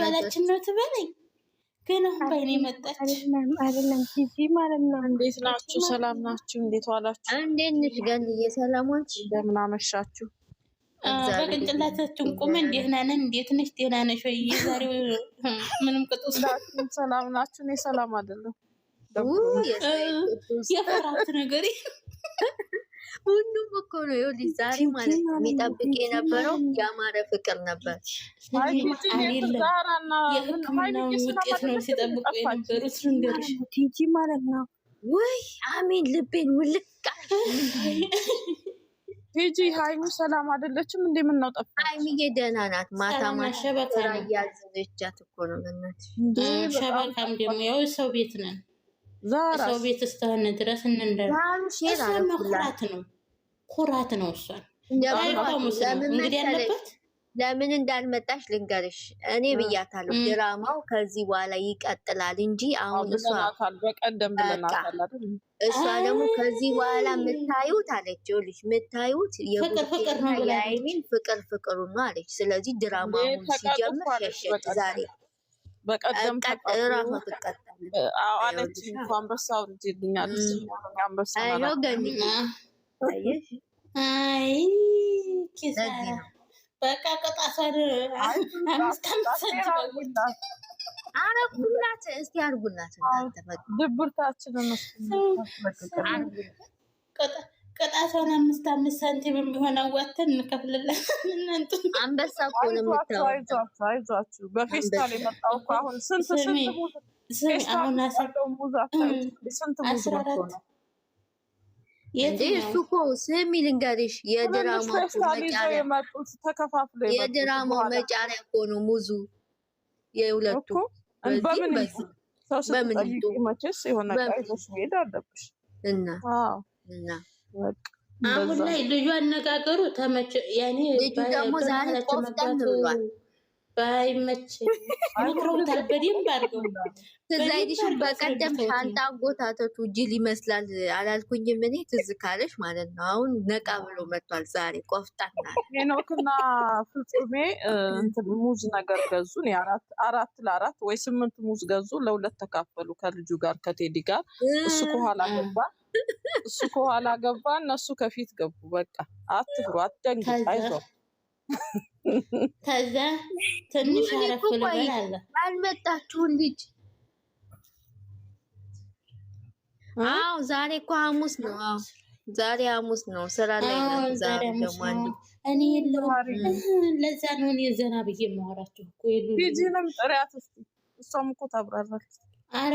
ባለች ነው ትበለኝ። ግን አሁን በይኔ መጣች አይደለም እንዴት ናችሁ? ሰላም ናችሁ? እንዴት ዋላችሁ? እንዴት ነሽ? ገንዬ ሰላሞች እንደምን አመሻችሁ? በቅንጭላታችን ቁም። እንዴት ነን? እንዴት ነሽ? ደህና ነሽ ወይ? ዛሬው ምንም ቅጡ ሰላም ናችሁ? እኔ ሰላም አይደለም የፈራት ነገር ሁሉም እኮ ነው። ይኸውልሽ ዛሬ ማለት ነው የሚጠብቅ የነበረው የአማረ ፍቅር ነበር። የሕክምናውን ውጤት ነው ሲጠብቁ ማለት ነው። ወይ አሜን ልቤን ውልቃ ቲጂ ሀይሚ ሰላም አይደለችም። እንደ ምን ነው ጠፋ? ሀይሚ ደህና ናት። ማታ እኮ ነው። በእናትሽ ሸበካም ደግሞ ያው ሰው ቤት ነን ሰው ቤት እስከሆነ ድረስ እንንደእሷን ኩራት ነው ኩራት ነው። እሷን እንግዲህ ያለበት ለምን እንዳልመጣሽ ልንገርሽ። እኔ ብያታለሁ፣ ድራማው ከዚህ በኋላ ይቀጥላል እንጂ አሁን እሷ እሷ ደግሞ ከዚህ በኋላ የምታዩት አለች ልጅ የምታዩት የቡና የአይሚን ፍቅር ፍቅሩ ነው አለች። ስለዚህ ድራማውን ሲጀምር ሸሸት ዛሬ በቀደም አለች አንበሳ ውርጅልኛለች። በቃ ቅጣቷን አምስት አረጉላት። እስቲ አርጉላት ድብርታችንን ቅጣቷን አምስት አምስት ሳንቲም የሚሆነው ወተን እንከፍልለን። እናንቱ አንበሳ እኮ ነው የምታወራው። በፌስታል የመጣው እኮ አሁን ስንት ስንት አሁን አስራ አራት እንዴ እሱ እኮ ስሚ ልንገርሽ፣ የድራማው መጫሪያ እኮ ነው ሙዙ የሁለቱ በምን በምን አለብሽ እና እና አሁን ላይ ልዩ አነጋገሩ ተመቸ። ያኔ ደግሞ ዛሬ ቆፍጠን ብሏል። ባይመች ምክሮታል በደንብ አድርገው። ትዝ አይልሽም? በቀደም ሻንጣ ጎታተቱ ጅል ይመስላል አላልኩኝም? እኔ ትዝ ካለሽ ማለት ነው። አሁን ነቃ ብሎ መጥቷል። ዛሬ ቆፍጣና ሄኖክና ፍጹሜ ሙዝ ነገር ገዙ። አራት ለአራት ወይ ስምንት ሙዝ ገዙ። ለሁለት ተካፈሉ ከልጁ ጋር ከቴዲ ጋር እሱ ከኋላ ገባ። እሱ ከኋላ ገባ፣ እነሱ ከፊት ገቡ። በቃ አትፍሩ፣ አትደንግ፣ አይዞ ከዛ ትንሽ አረፍ አልመጣችሁን ልጅ አዎ፣ ዛሬ እኮ ሐሙስ ነው። ዛሬ ሐሙስ ነው። ስራ ላይ እኔ የለሁም። ለዛ ነው እኔ ዘና ብዬ የማወራቸው እኮ። የሉም ቢጂንም ጥሪያት። እሷም እኮ ታብራራለች። አረ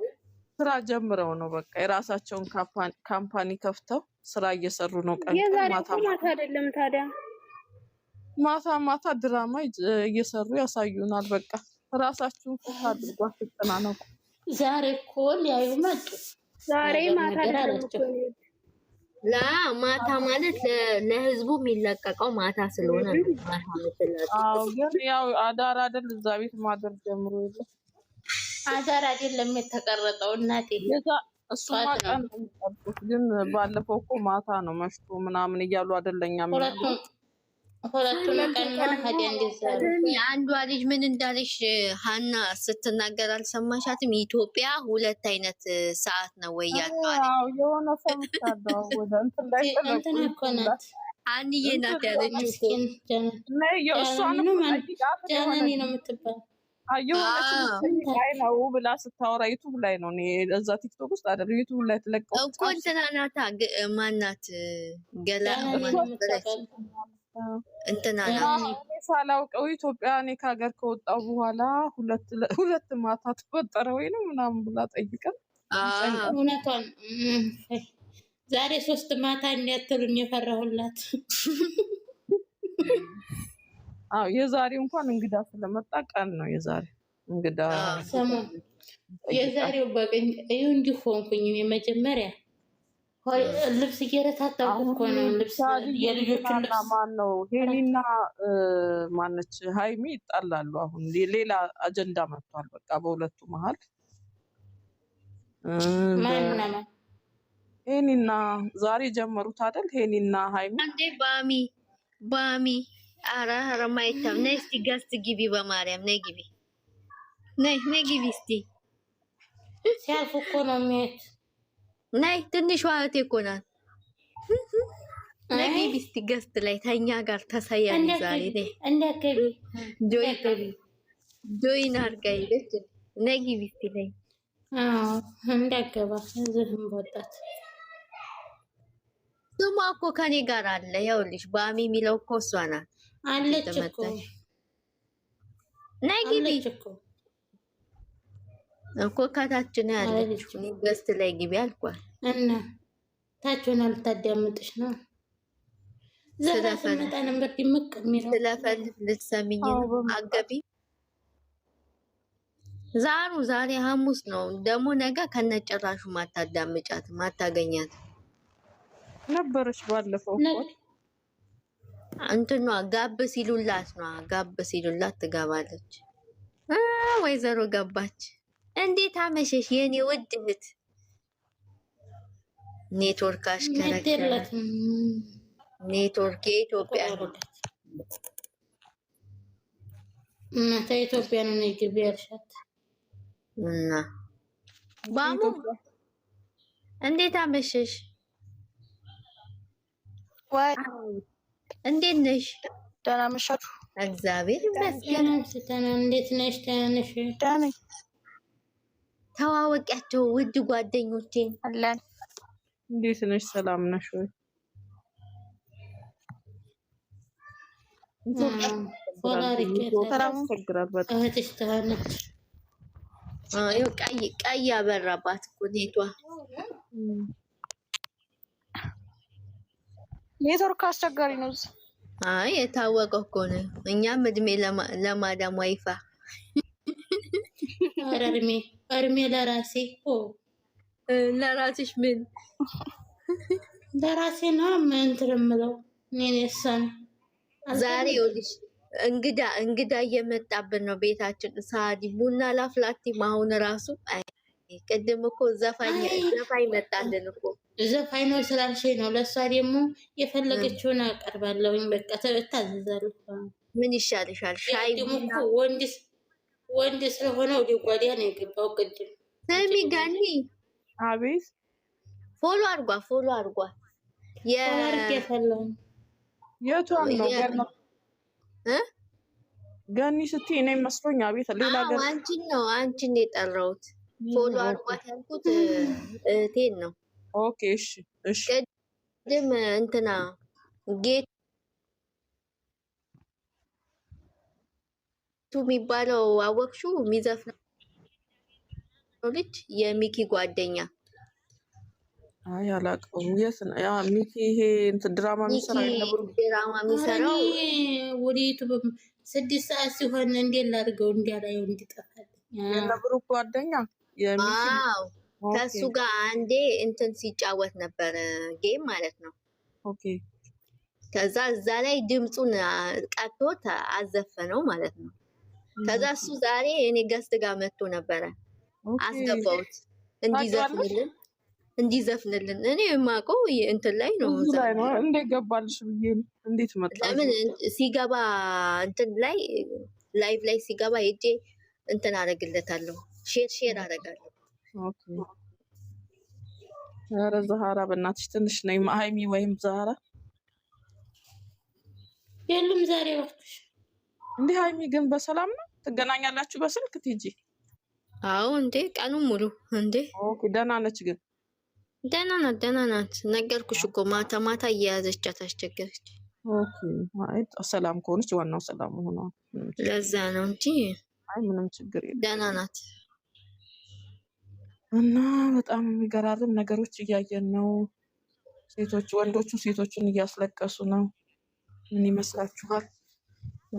ስራ ጀምረው ነው በቃ የራሳቸውን ካምፓኒ ከፍተው ስራ እየሰሩ ነው። ቀን ማታ ማታ አይደለም ታዲያ ማታ ማታ ድራማ እየሰሩ ያሳዩናል። በቃ ራሳችሁን ፍት አድርጎ አትጨናነቁ። ዛሬ እኮ ሊያዩ መጡ። ዛሬ ማታ ማታ ማለት ለህዝቡ የሚለቀቀው ማታ ስለሆነ ያው አዳር አደል እዛ ቤት ማደር ጀምሮ የለ አዛር አይደለም የተቀረጠው እናቴ። እሱማ ቀን ግን ባለፈው እኮ ማታ ነው መሽቶ ምናምን እያሉ አደለኛ አንዷ ልጅ ምን እንዳለሽ ሀና ስትናገር አልሰማሻትም? ኢትዮጵያ ሁለት አይነት ሰዓት ነው ወይ ያለዋል የሆነ እንትን የሆነች ላይ ነው ብላ ስታወራ ዩቱብ ላይ ነው። እዛ ቲክቶክ ውስጥ አይደለም ዩቱብ ላይ ትለቀው እኮ እንትና ናታ ማናት ገላ እንትና ሳላውቀው ኢትዮጵያ እኔ ከሀገር ከወጣው በኋላ ሁለት ማታ ተፈጠረ ወይ ነው ምናምን ብላ ጠይቀን እውነቷን ዛሬ ሶስት ማታ እንዲያትሉኝ የፈራሁላት አዎ የዛሬው እንኳን እንግዳ ስለመጣ ቀን ነው። የዛሬ እንግዳ የዛሬው በቀኝ እዩ እንዲህ ሆንኩኝ። የመጀመሪያ ልብስ እየረታታሁ እኮ ነው። ልብስ የልጆቹን ልብስ ማን ነው ሄሊና ማነች ሀይሚ ይጣላሉ። አሁን ሌላ አጀንዳ መጥቷል። በቃ በሁለቱ መሀል ሄኒና ዛሬ ጀመሩት አይደል? ሄኒና ሀይሚ ባሚ ባሚ አረ ኧረ ማይታም ነይ እስቲ ገስት ግቢ፣ በማርያም ነይ ግቢ፣ ነይ ነይ ግቢ እስቲ። ሲያልፍ እኮ ነው የሚሄድ። ነይ ትንሿ እህቴ እኮ ናት። ነይ ግቢ እስቲ ገስት ላይ ተኛ ጋር ተሰያኝ ዛሬ ነይ ጆይን አድርጋ ሄደች። ነይ ግቢ እስቲ ነይ። እንዳገባ ዝህም በወጣት ስሟ እኮ ከኔ ጋር አለ። ይኸውልሽ ባሚ የሚለው እኮ እሷ ናት። አለች እኮ ነይ ግቢ እኮ ከታች ነው ያለችው። እኔ ላይ ግቢ እና ልትሰሚኝ አገቢ ዛሩ ዛሬ ሐሙስ ነው ደግሞ ነገ ከነጨራሹ ማታዳምጫት ማታገኛት ነበረች ባለፈው እንትኗ ጋብ ሲሉላት ነ ጋብ ሲሉላት ትገባለች። ወይዘሮ ገባች። እንዴት አመሸሽ የኔ ውድ እህት። ኔትወርክ አሽከረከረ። ኔትወርክ የኢትዮጵያ እናተ ኢትዮጵያ ነው ግቢ ያልሻት እና ባሙ እንዴት አመሸሽ? እንዴት ነሽ? ደህና መሻችሁ? እግዚአብሔር ይመስገን። እንዴት ነሽ? ደህና ነሽ? ደህና ነኝ። ተዋወቂያቸው ውድ ጓደኞቼን አለን። እንዴት ነሽ? ሰላም ነሽ ወይ? ቀይ አበራባት እኮ ኔቷ ኔትወርክ አስቸጋሪ ነው። አይ የታወቀ እኮ ነው። እኛም እድሜ ለማዳም ዋይፋ እድሜ እድሜ ለራሴ ለራሴሽ ምን ለራሴ ነው ምን ትርምለው ኔኔሰን ዛሬ ይኸውልሽ እንግዳ እንግዳ እየመጣብን ነው ቤታችን። ሳዲ ቡና ላፍላቲ አሁን ራሱ አይ ቅድም እኮ ዘፋኝ ዘፋኝ መጣልን እኮ ዘፋኝ ነው ስላልሽ ነው። ለእሷ ደግሞ የፈለገችውን አቀርባለሁኝ። በቃ እታዘዛለሁ። ምን ይሻልሻል? ሻይ ወንድ ስለሆነ ወደ ጓዳ ነው የገባው። ቅድም ስሚ ጋኒ፣ አቤት ፎሎ አርጓ ፎሎ አርጓ የቷን ነው እ ገኒ ስትይ እኔ መስሎኝ፣ አቤት ሌላ ገር አንቺን ነው አንቺን የጠራሁት ፎሎ ያልኩት እህቴን ነው። ኦኬ እሺ፣ እሺ። ቅድም እንትና ጌቱ የሚባለው ልጅ የሚኪ ጓደኛ አይ አላውቀውም። የት ነው ያ ሚኪ? ይሄ እንትን ድራማ የሚሰራው ድራማ ስድስት ሰዓት ሲሆን እንዴት ላድርገው እንዲያላየው የነብሩ ጓደኛ ከእሱ ጋር አንዴ እንትን ሲጫወት ነበር፣ ጌም ማለት ነው። ከዛ እዛ ላይ ድምፁን ቀጥቶት አዘፈነው ማለት ነው። ከዛ እሱ ዛሬ እኔ ገስት ጋር መጥቶ ነበረ፣ አስገባውት እንዲዘፍንልን እንዲዘፍንልን እኔ የማውቀው እንትን ላይ ነው። እንዴት ገባልሽ ብዬ ነው። እንዴት መጣ? ለምን ሲገባ እንትን ላይ ላይቭ ላይ ሲገባ ሄጄ እንትን አደርግለታለሁ ሼር ሼር አደርጋለሁ። ኧረ ዛህራ በእናትሽ ትንሽ ነይ ሀይሚ ወይም ዛህራ የሉም ዛሬ እባክሽ። እንዲህ ሀይሚ ግን በሰላም ነው ትገናኛላችሁ በስልክ ቲጂ? አዎ እንዴ ቀኑን ሙሉ እንዴ። ደህና ነች ግን ደህና ናት፣ ደህና ናት። ነገርኩሽ እኮ ማታ ማታ እየያዘቻት አስቸገረች። ሰላም ከሆነች ዋናው ሰላም ሆኗል። ለዛ ነው እንጂ ምንም ችግር ደህና ናት። እና በጣም የሚገራርም ነገሮች እያየን ነው። ሴቶች ወንዶቹ ሴቶችን እያስለቀሱ ነው። ምን ይመስላችኋል?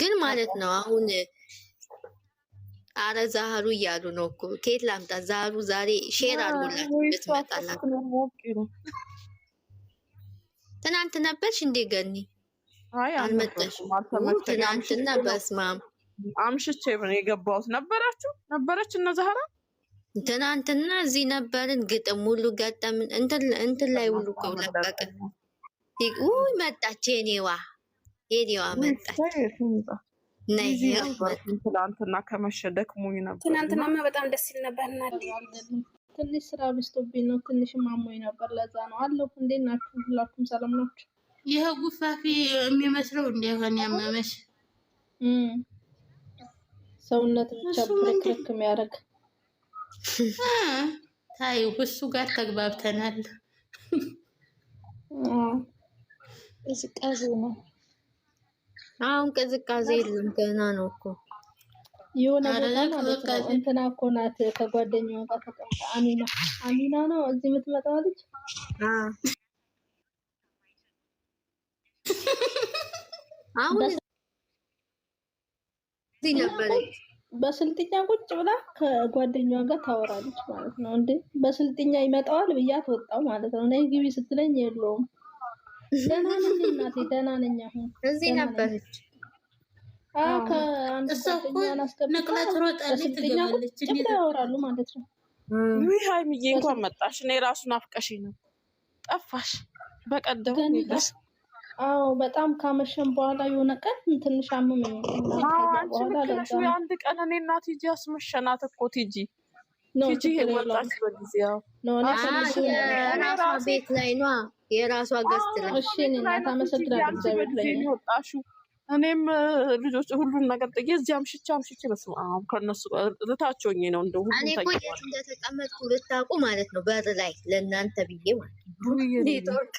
ግን ማለት ነው አሁን አረ ዛህሩ እያሉ ነው እኮ ከየት ላምጣ? ዛህሩ ዛሬ ሼር አድርጎላችሁ ትናንት ነበርሽ እንዴ ገኒ? አልመጣሽም? ትናንትና በስማም አምሽቼ ነው የገባሁት ነበራችሁ ነበረች እነ ዛህራ ትናንትና እዚህ ነበርን። ግጥም ሁሉ ገጠምን። እንትን ላይ ሁሉ እኮ ለቀቅን። ውይ መጣች የኔዋ የኔዋ መጣች። ትናንትና ከመሸ ደክሞኝ ነበር። ትናንትናማ በጣም ደስ ይል ነበር። ትንሽ ስራ ብስቶብኝ ነው። ትንሽ ማሞኝ ነበር። ለዛ ነው አለሁ። እንዴት ናችሁ? ሁላችሁም ሰላም ናችሁ? ይህ ጉፋፊ የሚመስለው እንዳይሆን ያመመሽ ሰውነት ብቻ ክርክርክ የሚያደርግ ታይ እሱ ጋር ተግባብተናል። ቅዝቃዜ ነው አሁን፣ ቅዝቃዜ የለም ገና ነው እኮ የሆነ ቦታ እንትና እኮ ናት ከጓደኛዋ ጋር ተቀምጣ አሚና አሚና ነው እዚህ የምትመጣው ልጅ አሁን እዚህ ነበረች። በስልጥኛ ቁጭ ብላ ከጓደኛዋ ጋር ታወራለች ማለት ነው። እንዴ በስልጥኛ ይመጣዋል ብያት ወጣው ማለት ነው። ነይ ግቢ ስትለኝ የለውም። ደህና ነኝ እናቴ፣ ደህና ነኝ። አሁን እዚህ ነበረች። አዎ ከአንድ በስልጥኛ ቁጭ ብላ ያወራሉ ማለት ነው። ውይ ሀይሚዬ እንኳን መጣሽ። እኔ ራሱን አፍቀሽ ነው ጠፋሽ። በቀደም አዎ በጣም ካመሸን በኋላ የሆነ ቀን ትንሽ አመመኝ። አንድ ቀን እኔ እና ቲጂ አስመሸናት እኮ ቲጂ ቲጂ የመጣች በጊዜ ቤት ላይ ኗ የራሷ ገስት ላይ እኔም ልጆች ሁሉን ነገር ጥዬ እዚህ አምሽቼ አምሽቼ በስመ አብ ከእነሱ እታቸው ነው እንደ እኔ እኮ የት እንደተቀመጥኩ ልታውቁ ማለት ነው በር ላይ ለእናንተ ብዬ ማለት ነው ኔትወርክ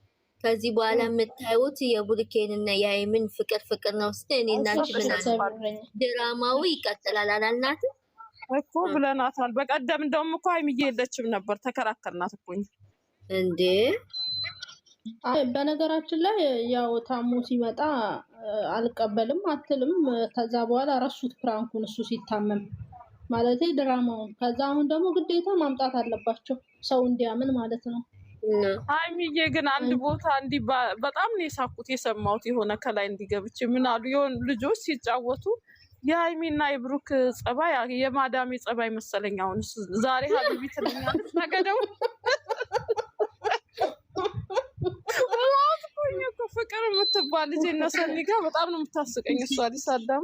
ከዚህ በኋላ የምታዩት የቡርኬን እና የአይምን ፍቅር ፍቅር ነው። ስ እኔ እናችምናል ድራማው ይቀጥላል አላልናት እኮ ብለናታል። በቀደም እንደውም እኮ አይምዬ የለችም ነበር ተከራከርናት እኮ እንዴ። በነገራችን ላይ ያው ታሙ ሲመጣ አልቀበልም አትልም። ከዛ በኋላ ረሱት ፕራንኩን እሱ ሲታመም ማለት ድራማውን። ከዛ አሁን ደግሞ ግዴታ ማምጣት አለባቸው ሰው እንዲያምን ማለት ነው። ሀይሚዬ ግን አንድ ቦታ እንዲ በጣም ነው የሳኩት የሰማሁት የሆነ ከላይ እንዲገብች ምን አሉ የሆኑ ልጆች ሲጫወቱ የሀይሚና የብሩክ ጸባይ የማዳሜ ጸባይ መሰለኝ። አሁን ዛሬ ሀቢቢ ትለኛለች ነገ ደግሞ ፍቅር የምትባል ልጅ እነ ጋር በጣም ነው የምታስቀኝ እሷ ሊሳዳሙ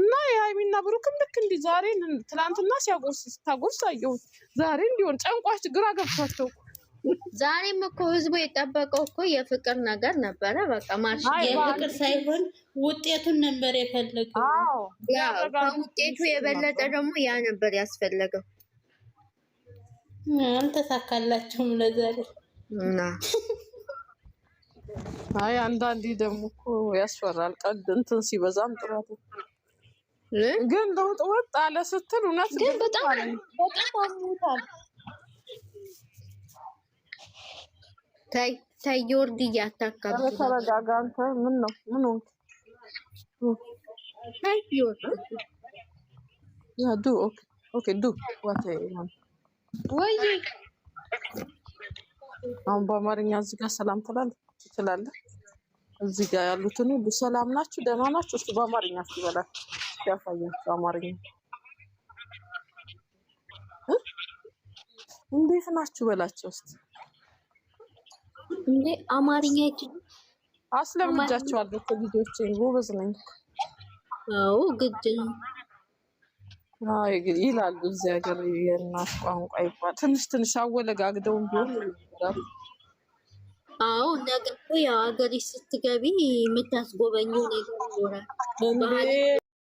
እና የሀይሚና ብሩክም ልክ እንዲህ ዛሬ ትናንትና ሲያጎርስ ስታጎርስ አየሁት። ዛሬ እንዲሆን ጨንቋች ግራ ገብቷቸው ዛሬም እኮ ህዝቡ የጠበቀው እኮ የፍቅር ነገር ነበረ። በቃ ማሽ የፍቅር ሳይሆን ውጤቱን ነበር የፈለገው። ውጤቱ የበለጠ ደግሞ ያ ነበር ያስፈለገው። አልተሳካላችሁም ለዛሬ እና አይ አንዳንዴ ደግሞ እኮ ያስፈራል። ቀድ እንትን ሲበዛም ጥራት ግን ለውጥ ወጥ አለ ስትል እውነት ግን በጣም በጣም አሞታል። ታይ ታይ ዮርዲ እያታካብ ተረጋጋ። አንተ ምን ነው ምን ሆንክ? ታይ ዮርዲ ያ ዱ ኦኬ ኦኬ ዱ ዋት ወይ አሁን በአማርኛ እዚህ ጋር ሰላም ትላለህ ትችላለህ። እዚህ ጋር ያሉትን ሁሉ ሰላም ናችሁ፣ ደህና ናችሁ። እሱ በአማርኛ ይበላል። ያሳያችሁ አማርኛ እንዴት ናችሁ በላቸው እስኪ። እንዴ አማርኛ ይቺ አስለምጃችኋለሁ እኮ ልጆቼን፣ ጎበዝ ነኝ። አዎ ግድ ነው። ይላሉ እዚህ ሀገር የእናት ቋንቋ ይባል ትንሽ ትንሽ አወለጋግደውም ቢሆን አዎ ነገ እኮ ያው ሀገር ስትገቢ የምታስጎበኙ ነገር ይኖራል።